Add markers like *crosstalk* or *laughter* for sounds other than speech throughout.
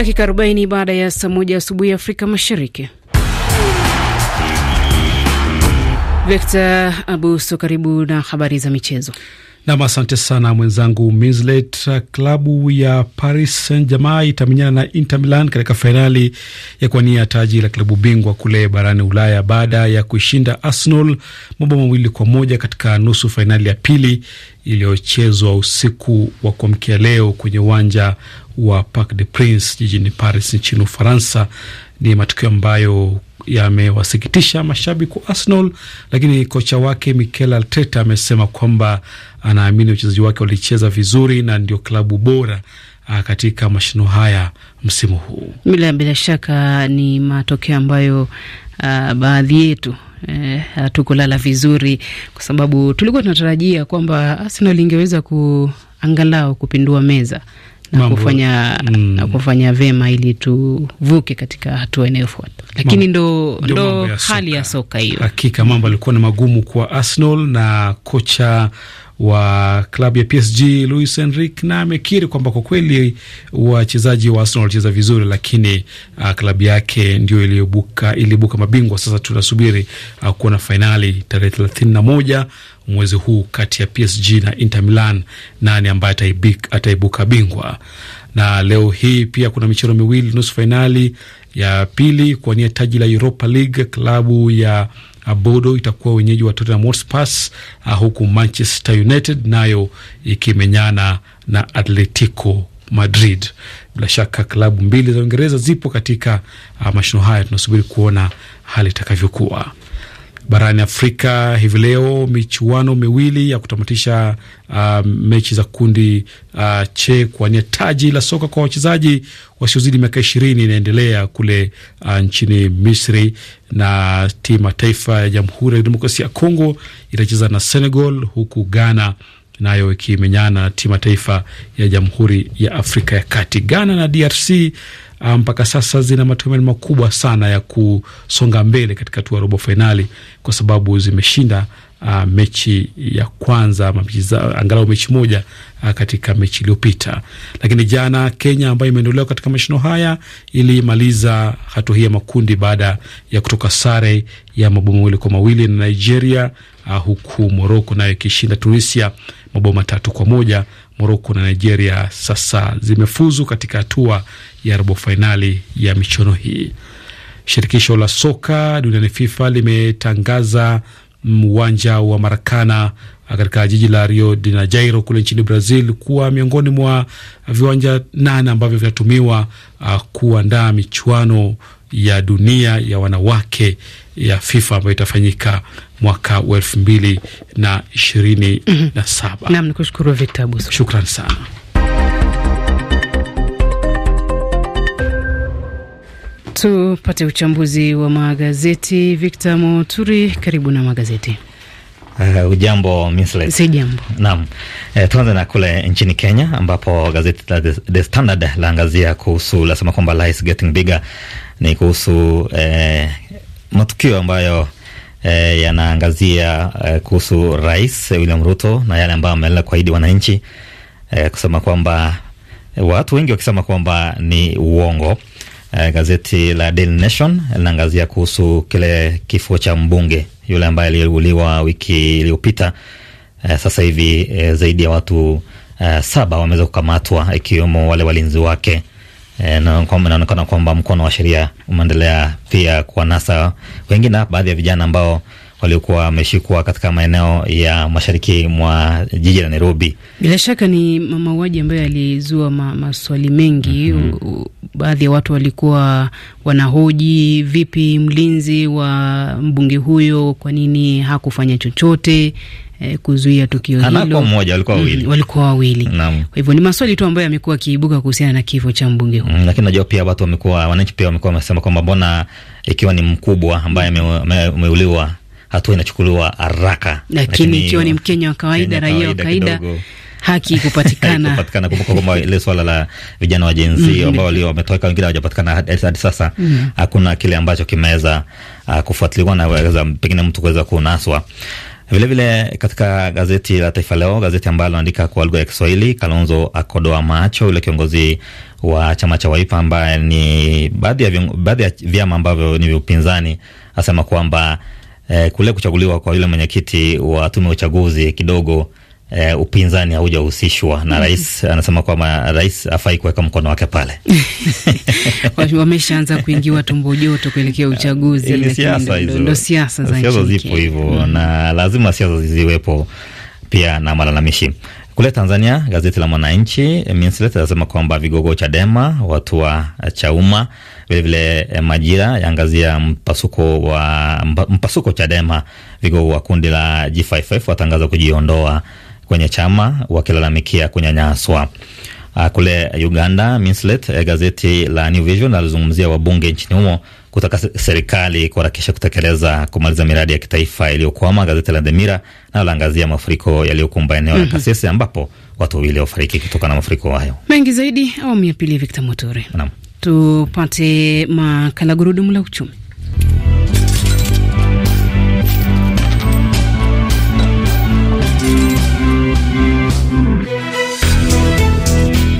dakika 40 baada ya saa moja asubuhi Afrika Mashariki. Victor Abuso, karibu na habari za michezo. Nam, asante sana mwenzangu Minslet. Klabu ya Paris Saint Germain itamenyana na Inter Milan katika fainali ya kuwania taji la klabu bingwa kule barani Ulaya baada ya kuishinda Arsenal mambo mawili kwa moja katika nusu fainali ya pili iliyochezwa usiku wa kuamkia leo kwenye uwanja wa Parc de Prince jijini Paris nchini Ufaransa. Ni matukio ambayo yamewasikitisha mashabiki wa Arsenal, lakini kocha wake Mikel Arteta amesema kwamba anaamini wachezaji wake walicheza vizuri na ndio klabu bora ah, katika mashino haya msimu huu. Bila bila shaka ni matokeo ambayo uh, baadhi yetu eh, hatukulala eh, vizuri kwa sababu tulikuwa tunatarajia kwamba Arsenal ingeweza kuangalau kupindua meza na kufanya mm. na kufanya vema ili tuvuke katika hatua inayofuata, lakini ndo, ndo hali ya soka hiyo. Hakika mambo yalikuwa ni magumu kwa Arsenal na kocha wa klabu ya PSG Luis Enrique, na amekiri kwamba kwa kweli wachezaji wa Arsenal walicheza vizuri, lakini uh, klabu yake ndio iliyobuka ilibuka mabingwa. Sasa tunasubiri uh, kuona fainali tarehe thelathini na moja mwezi huu kati ya PSG na Inter Milan, nani ambaye ataibuka bingwa. Na leo hii pia kuna michezo miwili nusu fainali ya pili kuwania taji la Europa League, klabu ya Bodo itakuwa wenyeji wa Tottenham Hotspur, uh, huku Manchester United nayo ikimenyana na Atletico Madrid. Bila shaka klabu mbili za Uingereza zipo katika uh, haya. Tunasubiri kuona hali itakavyokuwa barani Afrika hivi leo michuano miwili ya kutamatisha uh, mechi za kundi uh, che kuwania taji la soka kwa wachezaji wasiozidi miaka ishirini inaendelea kule uh, nchini Misri, na timu ya taifa ya Jamhuri ya Kidemokrasia ya Kongo itacheza na Senegal, huku Ghana nayo ikimenyana na timu ya taifa ya Jamhuri ya Afrika ya Kati. Ghana na DRC Ah, mpaka um, sasa zina matumaini makubwa sana ya kusonga mbele katika hatua ya robo fainali kwa sababu zimeshinda uh, mechi ya kwanza ama angalau mechi moja uh, katika mechi iliyopita. Lakini jana Kenya ambayo imeondolewa katika mashindano haya ilimaliza hatua hii ya makundi baada ya kutoka sare ya mabao mawili kwa mawili na Nigeria, uh, huku Moroko nayo ikishinda Tunisia mabao matatu kwa moja Moroko na Nigeria sasa zimefuzu katika hatua ya robo fainali ya michuano hii. Shirikisho la soka duniani FIFA limetangaza uwanja wa Marakana uh, katika jiji la Rio de Janeiro kule nchini Brazil kuwa miongoni mwa viwanja nane ambavyo vinatumiwa uh, kuandaa michuano ya dunia ya wanawake ya FIFA ambayo itafanyika mwaka wa elfu mbili na ishirini mm -hmm. na saba. Nam ni kushukuru Victor Abuso, shukran sana. Tupate uchambuzi wa magazeti. Victor Moturi, karibu na magazeti. Uh, ujambo misle. Si jambo. Naam. E, tuanze na kule nchini Kenya ambapo gazeti la The Standard laangazia kuhusu lasema kwamba lies getting bigger ni kuhusu eh, matukio ambayo e, yanaangazia e, kuhusu Rais William Ruto na yale ambayo ameelea kuahidi wananchi e, kusema kwamba watu wengi wakisema kwamba ni uongo. E, gazeti la Daily Nation linaangazia kuhusu kile kifo cha mbunge yule ambaye aliuliwa wiki iliyopita. E, sasa hivi e, zaidi ya watu e, saba wameweza kukamatwa ikiwemo wale walinzi wake E, na inaonekana kwamba mkono wa sheria umeendelea pia kwa nasa wengine, baadhi ya vijana ambao waliokuwa wameshikwa katika maeneo ya mashariki mwa jiji la Nairobi. Bila shaka ni mauaji ambayo yalizua ma, maswali mengi mm -hmm. Baadhi ya watu walikuwa wanahoji vipi mlinzi wa mbunge huyo, kwa nini hakufanya chochote? eh, kuzuia tukio hilo. mmoja, walikuwa mm, wawili, mm, walikuwa wawili. Kwa hivyo ni maswali tu ambayo yamekuwa kiibuka kuhusiana na kifo cha mbunge huyo, mm, lakini najua pia watu wamekuwa, wananchi pia wamekuwa wamesema kwamba mbona ikiwa ni mkubwa ambaye ameuliwa hatua inachukuliwa haraka, lakini ikiwa ni Mkenya wa kawaida, raia wa kawaida haki *laughs* kupatikana kupatikana. Kumbuka kwamba ile swala la vijana wa jenzi mm -hmm. ambao mm. walio wametoweka, wengine hawajapatikana hadi sasa, mm. hakuna kile ambacho kimeweza uh, kufuatiliwa na pengine mtu kuweza kunaswa. Vilevile katika gazeti la Taifa Leo, gazeti ambalo andika kwa lugha ya Kiswahili, Kalonzo akodoa macho yule kiongozi wa chama cha Waipa ambaye ni baadhi ya baadhi ya vyama ambavyo ni vya upinzani, asema kwamba eh, kule kuchaguliwa kwa yule mwenyekiti wa tume ya uchaguzi kidogo Uh, upinzani haujahusishwa na mm. rais anasema kwamba rais afai kuweka mkono wake pale. *laughs* Wameshaanza kuingiwa tumbo joto kuelekea uchaguzi. Eh, ni siasa hizo, ndo siasa za siasa zipo hivyo mm, na lazima siasa ziwepo pia na malalamishi. Kule Tanzania, gazeti la Mwananchi anasema kwamba vigogo Chadema watua Chauma, vilevile eh, Majira yaangazia mpasuko wa mpasuko Chadema, vigogo wa kundi la G55 watangaza kujiondoa kwenye chama wakilalamikia kunyanyaswa. Ah, kule Uganda, Minslet, eh, gazeti la New Vision alizungumzia wabunge nchini humo kutaka serikali kuharakisha kutekeleza kumaliza miradi ya kitaifa iliyokwama. Gazeti la The Mira nalo laangazia mafuriko yaliyokumba eneo la mm -hmm. Kasese ambapo watu wawili wafariki kutokana na mafuriko hayo. Mengi zaidi awamu ya pili, Victor Motore. Naam, tupate makala gurudumu la uchumi.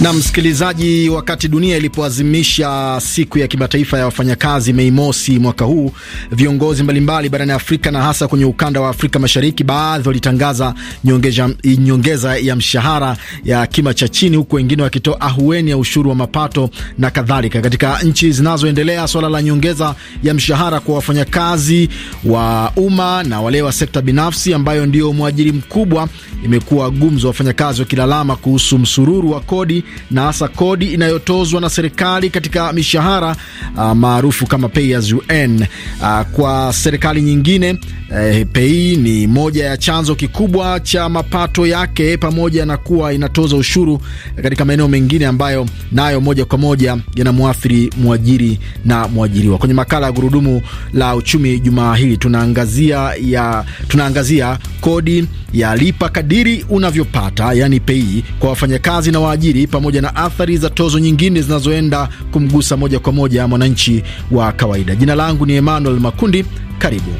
Na msikilizaji, wakati dunia ilipoazimisha siku ya kimataifa ya wafanyakazi Mei Mosi mwaka huu, viongozi mbalimbali barani Afrika na hasa kwenye ukanda wa Afrika Mashariki, baadhi walitangaza nyongeza, nyongeza ya mshahara ya kima cha chini, huku wengine wakitoa ahueni ya ushuru wa mapato na kadhalika. Katika nchi zinazoendelea, swala la nyongeza ya mshahara kwa wafanyakazi wa umma na wale wa sekta binafsi, ambayo ndio mwajiri mkubwa, imekuwa gumzo, wafanyakazi wakilalama kuhusu msururu wa kodi na hasa kodi inayotozwa na serikali katika mishahara uh, maarufu kama pay as you earn. Uh, kwa serikali nyingine uh, pay ni moja ya chanzo kikubwa cha mapato yake, pamoja na kuwa inatoza ushuru katika maeneo mengine ambayo nayo moja kwa moja yanamwathiri mwajiri na mwajiriwa. Kwenye makala ya gurudumu la uchumi jumaa hili tunaangazia ya tunaangazia kodi ya lipa kadiri unavyopata, yani pay kwa wafanyakazi na waajiri pamoja na athari za tozo nyingine zinazoenda kumgusa moja kwa moja mwananchi wa kawaida. Jina langu ni Emmanuel Makundi, karibu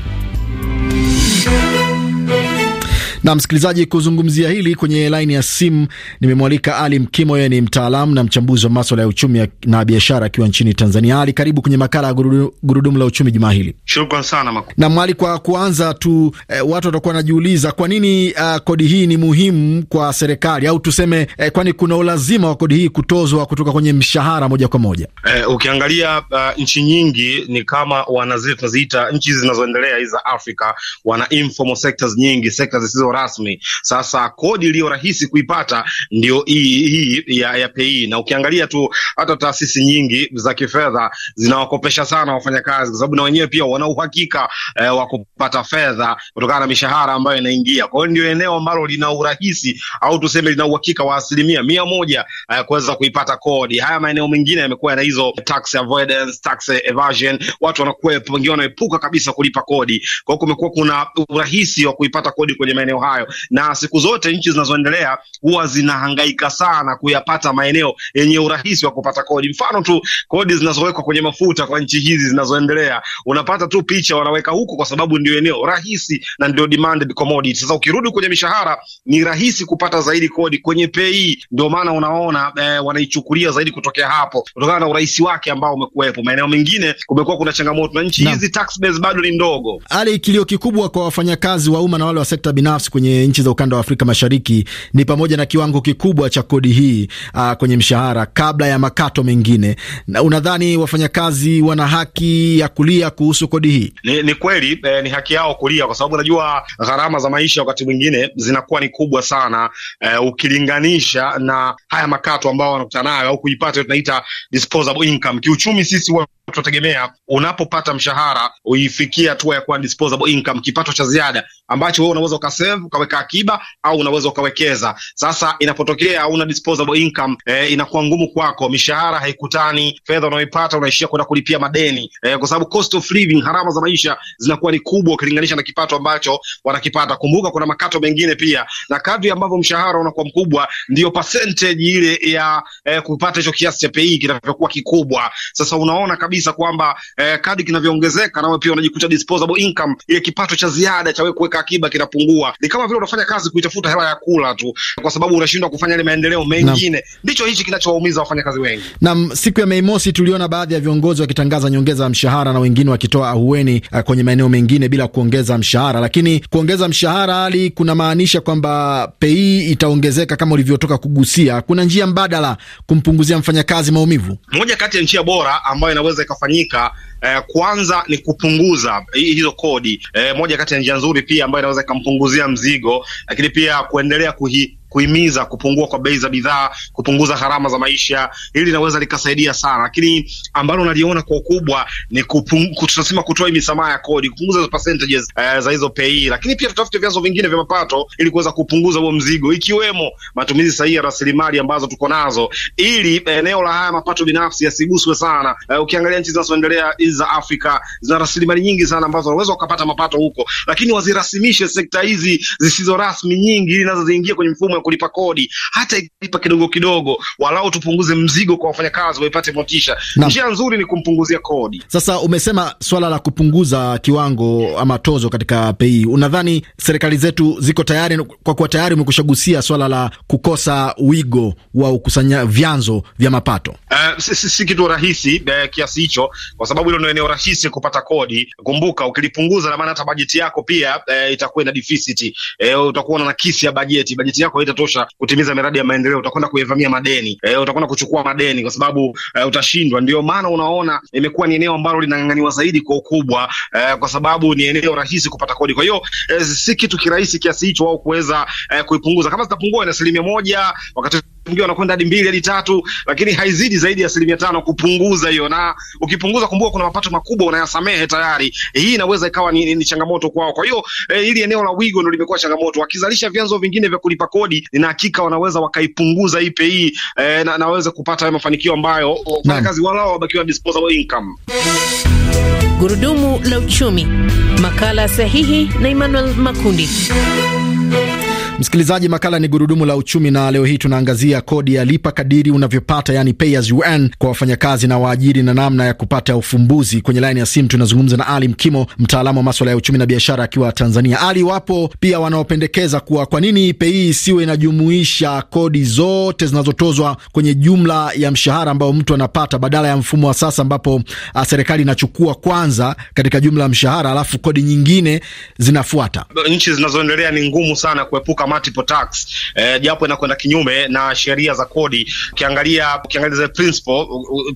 na msikilizaji, kuzungumzia hili kwenye laini ya simu nimemwalika Ali Mkimo, yeye ni mtaalamu na mchambuzi wa maswala ya uchumi na biashara akiwa nchini Tanzania. Ali, karibu kwenye makala ya gurudumu la uchumi jumaa hili. Shukran sana Maku. Na Mwali, kwa kuanza tu eh, watu watakuwa wanajiuliza kwa nini uh, kodi hii ni muhimu kwa serikali au tuseme eh, kwani kuna ulazima wa kodi hii kutozwa kutoka kwenye mshahara moja kwa moja? Eh, ukiangalia uh, nchi nyingi ni kama wanazi tunaziita nchi zinazoendelea hizi za Afrika wana informal sectors nyingi, sekta zisizo rasmi. Sasa kodi iliyo rahisi kuipata ndio hii ya, ya PAYE, na ukiangalia tu hata taasisi nyingi za kifedha zinawakopesha sana wafanyakazi, kwa sababu na wenyewe pia wana uhakika eh, wa kupata fedha kutokana na mishahara ambayo inaingia. Kwa hiyo ndio eneo ambalo lina urahisi au tuseme lina uhakika wa asilimia mia moja eh, kuweza kuipata kodi. Haya maeneo mengine yamekuwa na hizo tax avoidance, tax evasion, watu wanakuwa wengine wanaepuka kabisa kulipa kodi. Kwa hiyo kumekuwa kuna urahisi wa kuipata kodi kwenye maeneo maeneo hayo, na siku zote nchi zinazoendelea huwa zinahangaika sana kuyapata maeneo yenye urahisi wa kupata kodi. Mfano tu kodi zinazowekwa kwenye mafuta kwa nchi hizi zinazoendelea, unapata tu picha wanaweka huko, kwa sababu ndio eneo rahisi na ndio demanded commodity. Sasa ukirudi kwenye mishahara, ni rahisi kupata zaidi kodi kwenye pei, ndio maana unaona eh, wanaichukulia zaidi kutokea hapo, kutokana na urahisi wake ambao umekuwepo. Maeneo mengine kumekuwa kuna changamoto na nchi hizi tax base bado ni ndogo. Hali kilio kikubwa kwa wafanyakazi wa umma na wale wa sekta binafsi Forex kwenye nchi za ukanda wa Afrika Mashariki ni pamoja na kiwango kikubwa cha kodi hii uh, kwenye mshahara kabla ya makato mengine. Na unadhani wafanyakazi wana haki ya kulia kuhusu kodi hii? Ni, ni kweli eh, ni haki yao kulia kwa sababu unajua gharama za maisha wakati mwingine zinakuwa ni kubwa sana eh, ukilinganisha na haya makato ambao wanakutana nayo au kuipata tunaita disposable income. Kiuchumi sisi wa tunategemea unapopata mshahara uifikia hatua ya kuwa disposable income, kipato cha ziada ambacho wewe unaweza ukasave reserve ukaweka akiba au unaweza ukawekeza. Sasa inapotokea una disposable income eh, inakuwa ngumu kwako, mishahara haikutani, fedha unayoipata unaishia kwenda kulipia madeni eh, kwa sababu cost of living, harama za maisha zinakuwa ni kubwa ukilinganisha na kipato ambacho wanakipata. Kumbuka kuna makato mengine pia, na kadri ambavyo mshahara unakuwa mkubwa ndio percentage ile ya eh, kupata hicho kiasi cha pei kinavyokuwa kikubwa. Sasa unaona kabisa kwamba eh, kadri kinavyoongezeka nawe pia unajikuta disposable income, ile kipato cha ziada cha wewe kuweka akiba kinapungua ni kama vile unafanya kazi kuitafuta hewa ya kula tu, kwa sababu unashindwa kufanya ile maendeleo mengine. Ndicho hichi kinachowaumiza wafanyakazi wengi. Nam, siku ya Mei Mosi tuliona baadhi ya viongozi wakitangaza nyongeza ya mshahara na wengine wakitoa ahueni uh, kwenye maeneo mengine bila kuongeza mshahara. Lakini kuongeza mshahara hali kuna maanisha kwamba pei itaongezeka kama ulivyotoka kugusia. Kuna njia mbadala kumpunguzia mfanyakazi maumivu? Moja kati ya njia bora ambayo inaweza ikafanyika eh, kwanza ni kupunguza hizo kodi eh, moja kati ya njia nzuri pia ambayo inaweza ikampunguzia mzigo, lakini pia kuendelea kuhi kuhimiza kupungua kwa bei za bidhaa, kupunguza gharama za maisha, hili linaweza likasaidia sana, lakini ambalo naliona kwa ukubwa ni tunasema kutoa misamaha ya kodi, kupunguza percentages uh, za hizo pei, lakini pia tutafute vyanzo vingine vya mapato ili kuweza kupunguza huo mzigo, ikiwemo matumizi sahihi ya rasilimali ambazo tuko nazo, ili eneo la haya mapato binafsi yasiguswe sana. Uh, ukiangalia nchi zinazoendelea hizi za Afrika zina rasilimali nyingi sana ambazo wanaweza wakapata mapato huko, lakini wazirasimishe sekta hizi zisizo rasmi nyingi, ili nazo ziingie kwenye mfumo ya kulipa kodi, hata ikilipa kidogo kidogo, walau tupunguze mzigo kwa wafanyakazi waipate motisha. Njia nzuri ni kumpunguzia kodi. Sasa umesema swala la kupunguza kiwango ama tozo katika pei, unadhani serikali zetu ziko tayari? Kwa kuwa tayari umekusha gusia swala la kukosa wigo wa ukusanya vyanzo vya mapato, uh, si, si, si kitu rahisi uh, kiasi hicho, kwa sababu hilo ndio eneo rahisi kupata kodi. Kumbuka ukilipunguza, na maana hata bajeti yako pia uh, itakuwa ina deficit uh, utakuwa na nakisi ya bajeti, bajeti yako haitatosha kutimiza miradi ya maendeleo, utakwenda kuivamia madeni e, utakwenda kuchukua madeni kwa sababu e, utashindwa. Ndio maana unaona imekuwa ni eneo ambalo linang'ang'aniwa zaidi kwa ukubwa e, kwa sababu ni eneo rahisi kupata kodi. Kwa hiyo e, si kitu kirahisi kiasi hicho wao kuweza e, kuipunguza. Kama zitapungua na asilimia moja wakati mwingine wanakwenda hadi mbili hadi tatu, lakini haizidi zaidi ya asilimia tano kupunguza hiyo, na ukipunguza, kumbuka kuna mapato makubwa unayasamehe tayari. Hii inaweza ikawa ni, ni changamoto kwao. Kwa hiyo eh, hili eneo la wigo ndo limekuwa changamoto. Wakizalisha vyanzo vingine vya kulipa kodi, nina hakika wanaweza wakaipunguza hii eh, na, naweza kupata hayo mafanikio ambayo kazi walao wabakiwa disposable income. Gurudumu la uchumi, makala sahihi na Emmanuel Makundi. Msikilizaji, makala ni gurudumu la uchumi, na leo hii tunaangazia kodi ya lipa kadiri unavyopata, yani pay as you earn, kwa wafanyakazi na waajiri na namna ya kupata ufumbuzi. Kwenye laini ya simu tunazungumza na Ali Mkimo, mtaalamu wa maswala ya uchumi na biashara akiwa Tanzania. Ali, wapo pia wanaopendekeza kuwa kwa nini pei isiwe inajumuisha kodi zote zinazotozwa kwenye jumla ya mshahara ambao mtu anapata badala ya mfumo wa sasa ambapo ah, serikali inachukua kwanza katika jumla ya mshahara alafu kodi nyingine zinafuata. Nchi zinazoendelea ni ngumu sana kuepuka multiple tax eh, japo inakwenda kinyume na sheria za kodi. Ukiangalia ukiangalia zile principle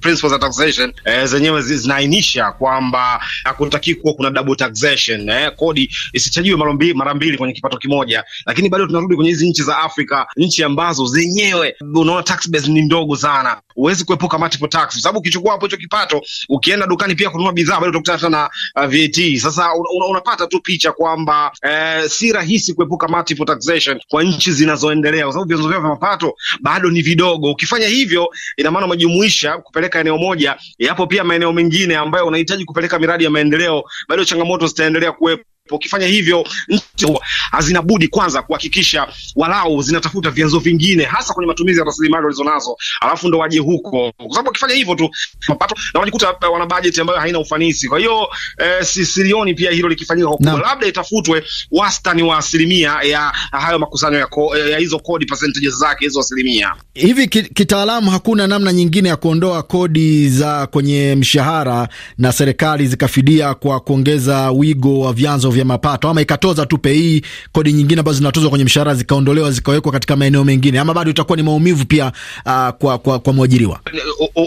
principles za taxation eh, zenyewe zinaainisha kwamba hakutaki kuwa kuna double taxation eh, kodi isichajiwe mara mbili mara mbili kwenye kipato kimoja, lakini bado tunarudi kwenye hizi nchi za Afrika, nchi ambazo zenyewe unaona tax base ni ndogo sana, huwezi kuepuka multiple tax kwa sababu ukichukua hapo hicho kipato ukienda dukani pia kununua bidhaa bado utakutana na uh, VAT. Sasa un, un, unapata tu picha kwamba eh, si rahisi kuepuka multiple taxation education kwa nchi zinazoendelea, kwa sababu vyanzo vyao vya mapato bado ni vidogo. Ukifanya hivyo, ina maana umejumuisha kupeleka eneo moja, yapo pia maeneo mengine ambayo unahitaji kupeleka miradi ya maendeleo, bado changamoto zitaendelea kuwepo. Ukifanya hivyo nchi hazinabudi kwanza kuhakikisha walau zinatafuta vyanzo vingine, hasa kwenye matumizi ya rasilimali walizonazo, alafu ndo waje huko, kwa sababu wakifanya hivyo tu mapato na wanajikuta wana bajeti ambayo haina ufanisi. Kwa hiyo eh, silioni pia hilo likifanyika kwa labda itafutwe wastani wa asilimia ya hayo makusanyo ya, ko, ya hizo kodi percentage zake hizo asilimia hivi. Kitaalamu hakuna namna nyingine ya kuondoa kodi za kwenye mshahara na serikali zikafidia kwa kuongeza wigo wa vyanzo vya mapato, ama ikatoza tu pei kodi nyingine ambazo zinatozwa kwenye mshahara zikaondolewa zikawekwa katika maeneo mengine, ama bado itakuwa ni maumivu pia uh, kwa, kwa, kwa mwajiriwa?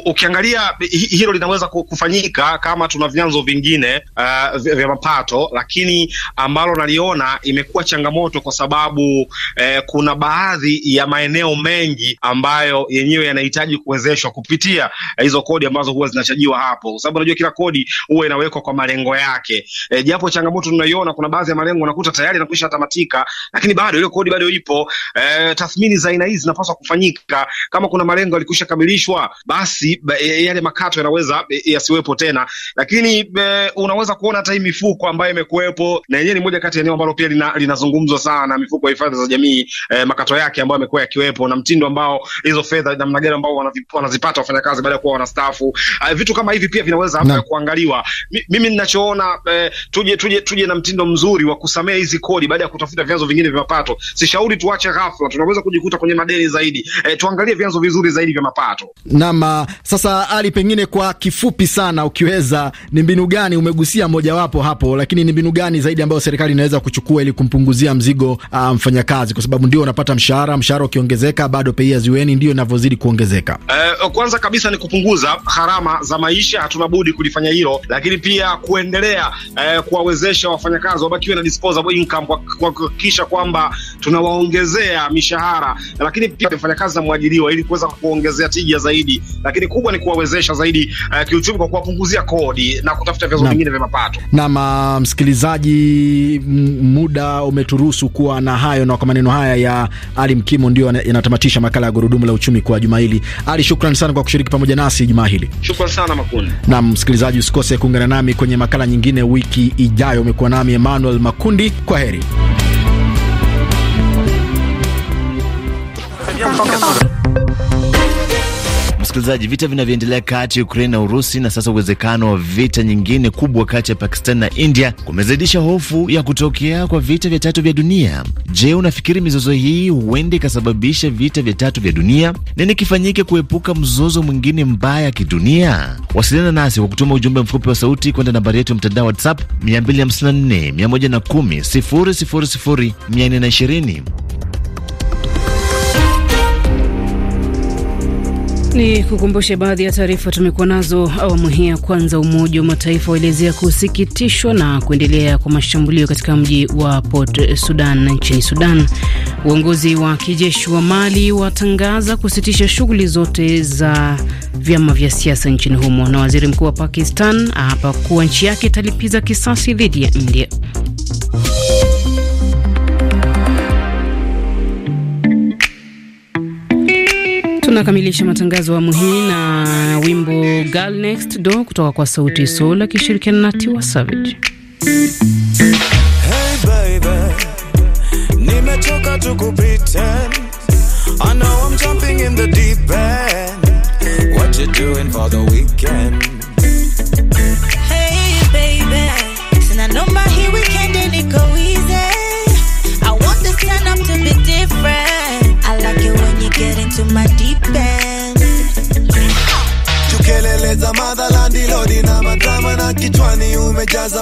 Ukiangalia hilo linaweza kufanyika kama tuna vyanzo vingine uh, vya mapato, lakini ambalo naliona imekuwa changamoto kwa sababu eh, kuna baadhi ya maeneo mengi ambayo yenyewe yanahitaji kuwezeshwa kupitia eh, hizo kodi ambazo huwa zinachajiwa hapo, kwa sababu unajua kila kodi huwa inawekwa kwa malengo yake. E, japo changamoto tunayo tunaiona kuna baadhi ya malengo unakuta tayari yanakwisha tamatika, lakini bado ile kodi bado ipo. E, tathmini za aina hizi zinapaswa kufanyika. Kama kuna malengo yalikwisha kamilishwa, basi e, yale makato yanaweza e, yasiwepo tena, lakini e, unaweza kuona hata hii mifuko ambayo imekuwepo na yenyewe ni moja kati ya eneo ambalo pia linazungumzwa lina sana, mifuko ya hifadhi za jamii e, makato yake ambayo yamekuwa yakiwepo na mtindo ambao hizo fedha namna gani ambao wanazipata wafanyakazi baada ya kuwa wanastaafu. E, vitu kama hivi pia vinaweza kuangaliwa. M, mimi ninachoona e, tuje tuje tuje na mtindo mzuri wa kusamea hizi kodi baada ya kutafuta vyanzo vingine vya mapato. Sishauri tuache ghafla, tunaweza kujikuta kwenye madeni zaidi. E, tuangalie vyanzo vizuri zaidi vya mapato. Naam, ah, sasa Ali, pengine kwa kifupi sana, ukiweza, ni mbinu gani umegusia mojawapo hapo, lakini ni mbinu gani zaidi ambayo serikali inaweza kuchukua ili kumpunguzia mzigo uh, mfanyakazi, kwa sababu ndio unapata mshahara, mshahara ukiongezeka bado pei ya ziweni ndio inavyozidi kuongezeka. E, kwanza kabisa ni kupunguza gharama za maisha, hatuna budi kulifanya hilo, lakini pia kuendelea e, kuwawezesha wafanya wafanyakazi wabakiwe na disposable income kwa kuhakikisha kwamba tunawaongezea mishahara, lakini pia wafanyakazi na mwajiriwa ili kuweza kuongezea tija zaidi, lakini kubwa ni kuwawezesha zaidi uh, kiuchumi kwa kuwapunguzia kodi na kutafuta vyanzo vingine vya mapato. Na ah, msikilizaji, muda umeturuhusu kuwa na hayo, na kwa maneno haya ya Ali Mkimo ndio yanatamatisha makala ya gurudumu la uchumi kwa juma hili. Ali, shukrani sana kwa kushiriki pamoja nasi juma hili. Shukrani sana Makundi. Na msikilizaji, usikose kuungana nami kwenye makala nyingine wiki ijayo. Umekuwa nami nami Emmanuel Makundi, kwa heri msikilizaji, vita vinavyoendelea kati ya Ukraini na Urusi na sasa uwezekano wa vita nyingine kubwa kati ya Pakistan na India kumezidisha hofu ya kutokea kwa vita vya tatu vya dunia. Je, unafikiri mizozo hii huenda ikasababisha vita vya tatu vya dunia? Nini kifanyike kuepuka mzozo mwingine mbaya kidunia? Wasiliana nasi kwa kutuma ujumbe mfupi wa sauti kwenda nambari yetu ya mtandao WhatsApp 254 110 000 420. Ni kukumbushe baadhi ya taarifa tumekuwa nazo awamu hii ya kwanza. Umoja wa Mataifa waelezea kusikitishwa na kuendelea kwa mashambulio katika mji wa Port Sudan nchini Sudan. Uongozi wa kijeshi wa Mali watangaza kusitisha shughuli zote za vyama vya siasa nchini humo, na waziri mkuu wa Pakistan hapa kuwa nchi yake italipiza kisasi dhidi ya India. Tunakamilisha matangazo ya muhimu na wimbo Girl Next Door kutoka kwa Sauti Sol akishirikiana na Tiwa Savage. Hey baby, nimechoka tu kupita. I know I'm jumping in the deep end. What you doing for the weekend?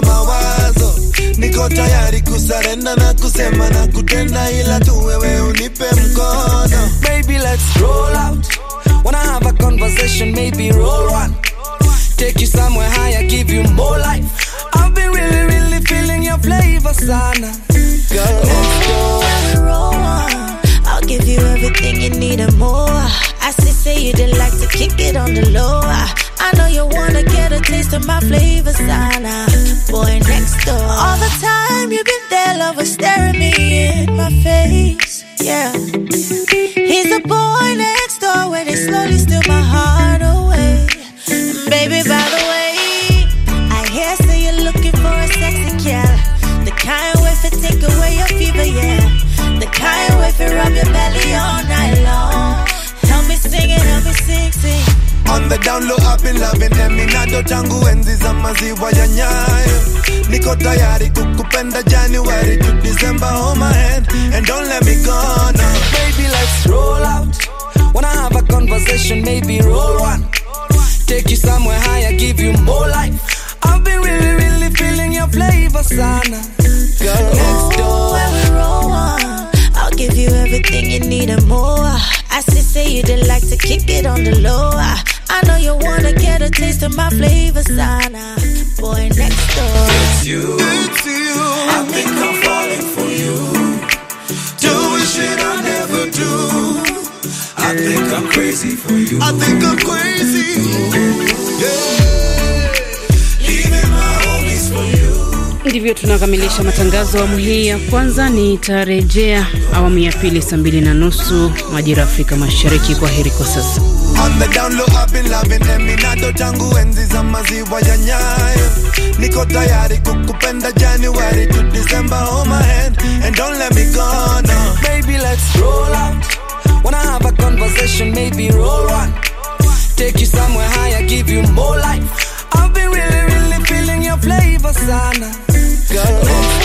mawazo, niko tayari kusarenda na kusema na kutenda, ila tu wewe unipe mkono. Baby, let's roll out, wanna have a conversation, maybe roll one, take you somewhere higher, give you more life. I've been really, really feeling your flavor, sana. Girl, let's go. Roll one. I'll give you everything you need and more. I say, say you'd like to kick it on the low. I know you wanna get a taste of my flavor, Sana. Boy next door. All the time you've been there, lover, staring me in my face. Yeah. He's a boy next door where they slowly steal my heart. Kumbe down low I've been loving eminado tangu enzi za maziwa ya nyayo Niko tayari kukupenda January to December Hold my hand and don't let me go no. Baby let's roll out Wanna have a conversation maybe roll one Take you somewhere higher give you more life I've been really really feeling your flavor sana Girl next door when we roll one I'll give you everything you need and more I still say you'd like to kick it on the low I know you wanna get a taste of my flavor, Sana. Boy next door. It's you. It's you. I think I'm falling for you. Doing shit I never do. I think I'm crazy for you. I think I'm crazy. Yeah. ndivyo tunakamilisha matangazo awamu hii ya kwanza. ni tarejea awamu ya pili saa mbili na nusu majira ya Afrika Mashariki. Kwa heri kwa sasa. tangu enzi za maziwa ya Nyayo. Niko tayari kukupenda January to December, hold my hand and don't let me go no. Baby, let's roll out. Wanna have a conversation, maybe roll one. Take you somewhere higher, give you more life. I've been really, really feeling your flavor sana go. let